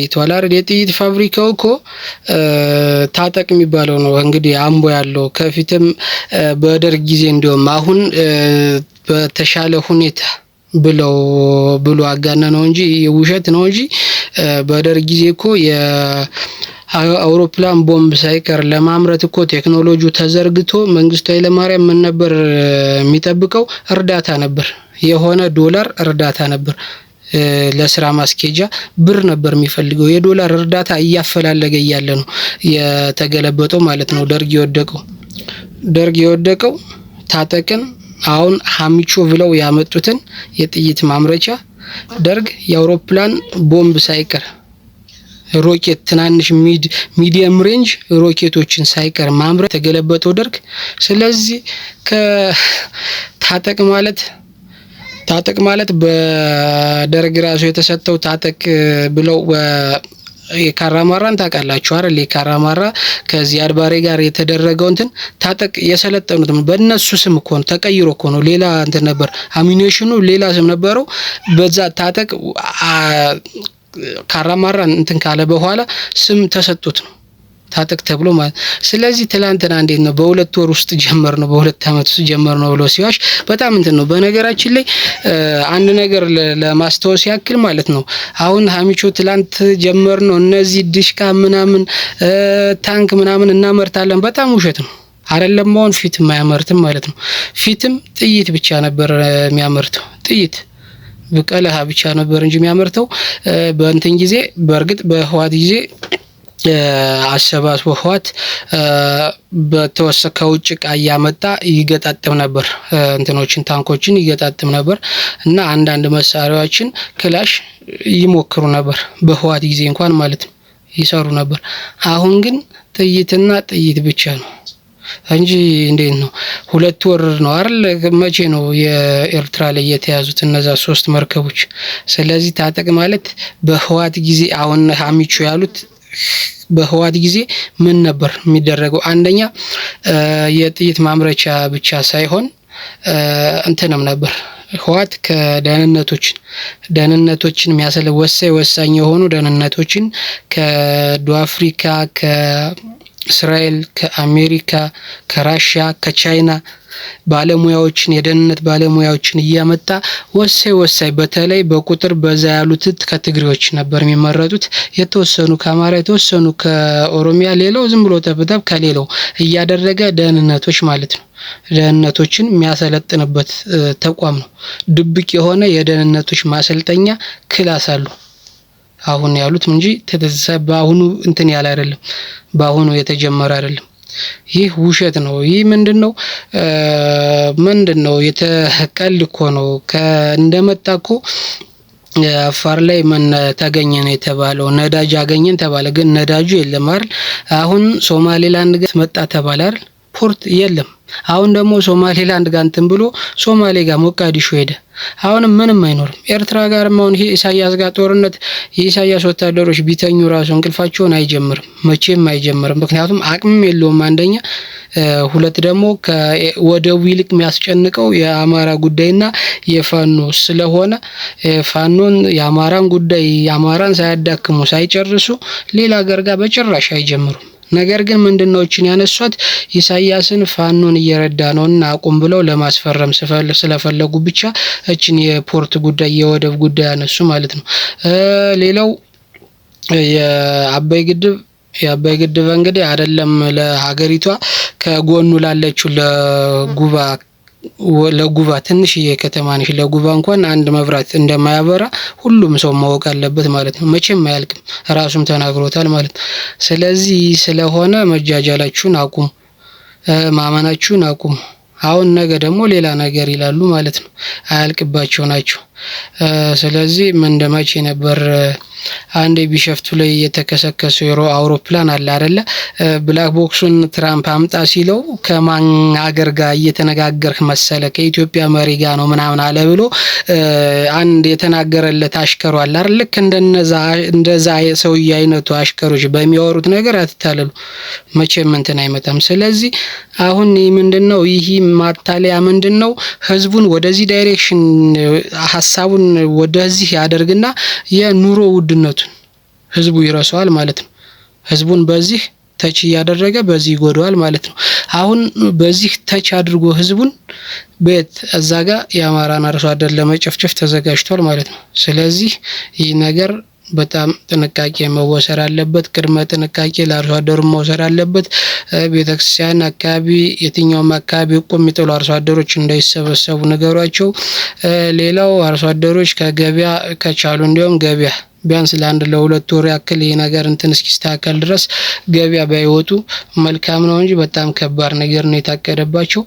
አይቷል አይደል? የጥይት ፋብሪካው እኮ ታጠቅ የሚባለው ነው እንግዲህ አምቦ ያለው ከፊትም በደርግ ጊዜ እንዲሁም አሁን በተሻለ ሁኔታ ብለው ብሎ አጋነ ነው እንጂ ውሸት ነው እንጂ በደርግ ጊዜ እኮ የአውሮፕላን ቦምብ ሳይቀር ለማምረት እኮ ቴክኖሎጂው ተዘርግቶ መንግስቱ ኃይለማርያም ምን ነበር የሚጠብቀው? እርዳታ ነበር፣ የሆነ ዶላር እርዳታ ነበር። ለስራ ማስኬጃ ብር ነበር የሚፈልገው። የዶላር እርዳታ እያፈላለገ እያለ ነው የተገለበጠው ማለት ነው ደርግ የወደቀው ደርግ የወደቀው ታጠቅን አሁን ሀሚቾ ብለው ያመጡትን የጥይት ማምረቻ ደርግ የአውሮፕላን ቦምብ ሳይቀር ሮኬት ትናንሽ ሚዲየም ሬንጅ ሮኬቶችን ሳይቀር ማምረት የተገለበጠው ደርግ። ስለዚህ ከታጠቅ ማለት ታጠቅ ማለት በደርግ ራሱ የተሰጠው ታጠቅ ብለው የካራማራን ታውቃላችሁ አይደል? የካራማራ ከዚህ አድባሬ ጋር የተደረገው እንትን ታጠቅ የሰለጠኑት በእነሱ ስም እኮ ነው፣ ተቀይሮ እኮ ነው። ሌላ እንትን ነበር፣ አሚኒሽኑ ሌላ ስም ነበረው። በዛ ታጠቅ ካራማራን እንትን ካለ በኋላ ስም ተሰጡት ነው። ታጠቅ ተብሎ ማለት ስለዚህ ትላንትና እንዴት ነው በሁለት ወር ውስጥ ጀመር ነው በሁለት ዓመት ውስጥ ጀመር ነው ብሎ ሲዋሽ በጣም እንትን ነው። በነገራችን ላይ አንድ ነገር ለማስታወስ ያክል ማለት ነው አሁን ሀሚቾ ትላንት ጀመር ነው እነዚህ ዲሽካ ምናምን ታንክ ምናምን እናመርታለን በጣም ውሸት ነው። አይደለም አሁን ፊት አያመርትም ማለት ነው። ፊትም ጥይት ብቻ ነበር የሚያመርተው ጥይት ብቀለሃ ብቻ ነበር እንጂ የሚያመርተው በእንትን ጊዜ በእርግጥ በህዋት ጊዜ አሰባስቦ ህወሓት በተወሰ ከውጭ እቃ እያመጣ ይገጣጥም ነበር፣ እንትኖችን ታንኮችን ይገጣጥም ነበር እና አንዳንድ መሳሪያዎችን ክላሽ ይሞክሩ ነበር። በህወሓት ጊዜ እንኳን ማለት ነው ይሰሩ ነበር። አሁን ግን ጥይትና ጥይት ብቻ ነው እንጂ እንዴት ነው? ሁለት ወር ነው አይደል? መቼ ነው የኤርትራ ላይ የተያዙት እነዛ ሶስት መርከቦች? ስለዚህ ታጠቅ ማለት በህዋት ጊዜ አሁን አሚቹ ያሉት በህዋት ጊዜ ምን ነበር የሚደረገው? አንደኛ የጥይት ማምረቻ ብቻ ሳይሆን እንትንም ነበር ህዋት ከደህንነቶችን ደህንነቶችን የሚያሰለ ወሳኝ ወሳኝ የሆኑ ደህንነቶችን ከደቡብ አፍሪካ፣ ከእስራኤል፣ ከአሜሪካ፣ ከራሽያ፣ ከቻይና ባለሙያዎችን የደህንነት ባለሙያዎችን እያመጣ ወሳኝ ወሳኝ በተለይ በቁጥር በዛ ያሉት ከትግሬዎች ነበር የሚመረጡት። የተወሰኑ ከአማራ የተወሰኑ ከኦሮሚያ ሌላው ዝም ብሎ ተብተብ ከሌላው እያደረገ ደህንነቶች ማለት ነው ደህንነቶችን የሚያሰለጥንበት ተቋም ነው። ድብቅ የሆነ የደህንነቶች ማሰልጠኛ ክላስ አሉ። አሁን ያሉት እንጂ በአሁኑ እንትን ያለ አይደለም። በአሁኑ የተጀመረ አይደለም። ይህ ውሸት ነው። ይህ ምንድን ነው? ምንድን ነው? የተቀል እኮ ነው። እንደመጣ እኮ አፋር ላይ ምን ተገኘ ነው የተባለው? ነዳጅ አገኘን ተባለ፣ ግን ነዳጁ የለም አይደል? አሁን ሶማሌላንድ ጋር መጣ ተባለ አይደል? ፖርት የለም። አሁን ደግሞ ሶማሌላንድ ጋር እንትን ብሎ ሶማሌ ጋር ሞቃዲሾ ሄደ። አሁንም ምንም አይኖርም። ኤርትራ ጋርም አሁን ይሄ ኢሳያስ ጋር ጦርነት የኢሳያስ ወታደሮች ቢተኙ ራሱ እንቅልፋቸውን አይጀምርም፣ መቼም አይጀምርም። ምክንያቱም አቅምም የለውም አንደኛ፣ ሁለት ደግሞ ከወደቡ ይልቅ የሚያስጨንቀው የአማራ ጉዳይና የፋኖ ስለሆነ ፋኖን የአማራን ጉዳይ የአማራን ሳያዳክሙ ሳይጨርሱ ሌላ ሀገር ጋር በጭራሽ አይጀምሩም። ነገር ግን ምንድነው ያነሷት ኢሳያስን ፋኖን እየረዳ ነውና አቁም ብለው ለማስፈረም ስለፈለጉ ብቻ እችን የፖርት ጉዳይ የወደብ ጉዳይ ያነሱ ማለት ነው። ሌላው የአባይ ግድብ የአባይ ግድብ እንግዲህ አይደለም ለሀገሪቷ ከጎኑ ላለችው ለጉባ ለጉባ ትንሽዬ ከተማ ነች። ለጉባ እንኳን አንድ መብራት እንደማያበራ ሁሉም ሰው ማወቅ አለበት ማለት ነው። መቼም አያልቅም፣ ራሱም ተናግሮታል ማለት ነው። ስለዚህ ስለሆነ መጃጃላችሁን አቁሙ፣ ማመናችሁን አቁሙ። አሁን ነገ ደግሞ ሌላ ነገር ይላሉ ማለት ነው። አያልቅባቸው ናቸው። ስለዚህ ምን እንደ ነበር አንድ ቢሸፍቱ ላይ የተከሰከሰ አውሮፕላን አለ አደለ? ብላክ ቦክሱን ትራምፕ አምጣ ሲለው ከማን አገር ጋር እየተነጋገርህ መሰለ ከኢትዮጵያ መሪ ጋር ነው ምናምን አለ ብሎ አንድ የተናገረለት አሽከሩ አለ አይደል? ልክ እንደዛ ሰውዬ አይነቱ አሽከሮች በሚያወሩት ነገር አትታለሉ። መቼም እንትን አይመጣም። ስለዚህ አሁን ምንድን ነው ይህ ማታለያ ምንድን ነው? ህዝቡን ወደዚህ ዳይሬክሽን ሀሳቡን ወደዚህ ያደርግና የኑሮ ውድ አንድነቱን ህዝቡ ይረሰዋል ማለት ነው። ህዝቡን በዚህ ተች እያደረገ በዚህ ይጎደዋል ማለት ነው። አሁን በዚህ ተች አድርጎ ህዝቡን ቤት እዛ ጋ የአማራን አርሶ አደር ለመጨፍጨፍ ተዘጋጅቷል ማለት ነው። ስለዚህ ይህ ነገር በጣም ጥንቃቄ መወሰድ አለበት። ቅድመ ጥንቃቄ ለአርሶ አደሩ መውሰድ አለበት። ቤተክርስቲያን አካባቢ፣ የትኛውም አካባቢ ቁም የሚጥሉ አርሶ አደሮች እንዳይሰበሰቡ ነገሯቸው ሌላው አርሶ አደሮች ከገበያ ከቻሉ እንዲሁም ገበያ ቢያንስ ለአንድ ለሁለት ወር ያክል ይህ ነገር እንትን እስኪስተካከል ድረስ ገበያ ባይወጡ መልካም ነው እንጂ በጣም ከባድ ነገር ነው የታቀደባቸው።